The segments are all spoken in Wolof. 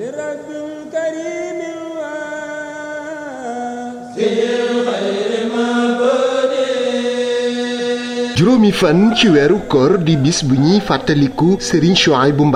لرب كريم واسع juromi fan ci wéru koor di bis bu ñuy fàttaliku serigne Chouaïbou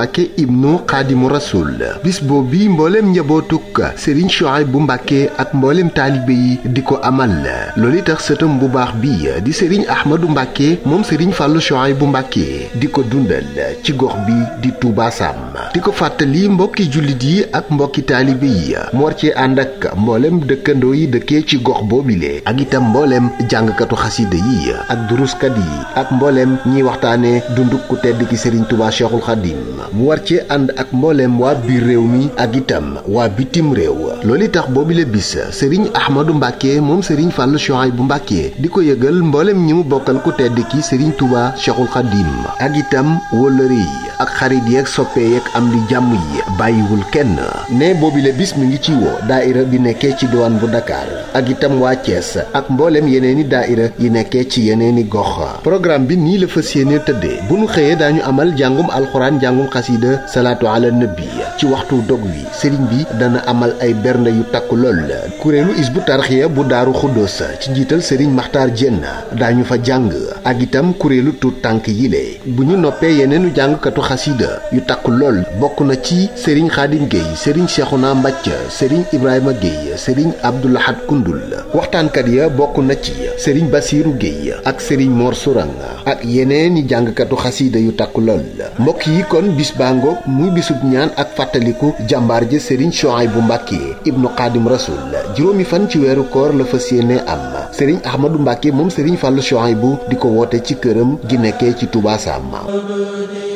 ibnu xaadimu rasul bis boobi mbooleem njabootuk serigne Chouaïbou Mbacke ak mbooleem taalibe yi di ko amal loolu tax sëtam bu baax bi di serigne Ahmadou Mbacke moom serigne Fallou Chouaïbou Mbacke di ko dundal ci gox bi di Touba Sam di ko fàttali mbokki jullit yi ak mbokki taalibe yi moor ci cee ànd ak mbooleem dëkkandoo yi dëkkee ci gox boobile ak itam mbooleem jàngkatu yi ak duruskat yi ak mbooleem ñiy waxtaanee dundu ku tedd ki Serigne Touba Cheikhul Khadim mu war ci ànd ak mbooleem waa biir réew mi ak itam waa bitim réew loolu tax boobu la bis Serigne Ahmadou Mbacke moom Serigne Fallou bu Mbacke di ko yëgal mbooleem ñi mu bokkal ku tedd ki Serigne Touba Cheikhul Khadim ak itam wóllëre yi ak xarit yeeg soppee yeeg am di jàmm yi bàyyiwul kenn ne boobile bis mi ngi ci woo daaira bi nekkee ci diwaan bu Dakar ak itam waa Thiès ak mbooleem yeneeni daaira yi nekkee ci yeneeni gox programme bi nii la fas yéene tëddee bu nu xëyee daañu amal jàngum alxuraan jàngum xasida salaatu ala nabi ci waxtu dog wi sëriñ bi dana amal ay bernde yu takku lool kuréelu is isbu tarxiya bu daaru xuddoos ci njiital sëriñ maxtaar jenn daañu fa jàng ak itam kuréelu tuut tànk yile bu ñu noppee yeneenu jàngkatu xasida yu takku lool bokk na ci sëriñ xaadim géey sëriñ naa mbàcc sëriñ ibrahima géey sëriñ abdulahat kundul waxtaankat ya bokk na ci sëriñ basiiru géey ak sëriñ mor surang ak yeneeni jàngkatu xasida yu takku lool mbokk yi kon fàttaliku jàmbaar ji Serigne Chouaïbou Mbacké ibnu Xaadim Rasul juróomi fan ci weeru koor la fa yéene am Serigne Ahmadou Mbacké moom Serigne Fallou bu di ko woote ci këram gi nekkee ci Touba Sam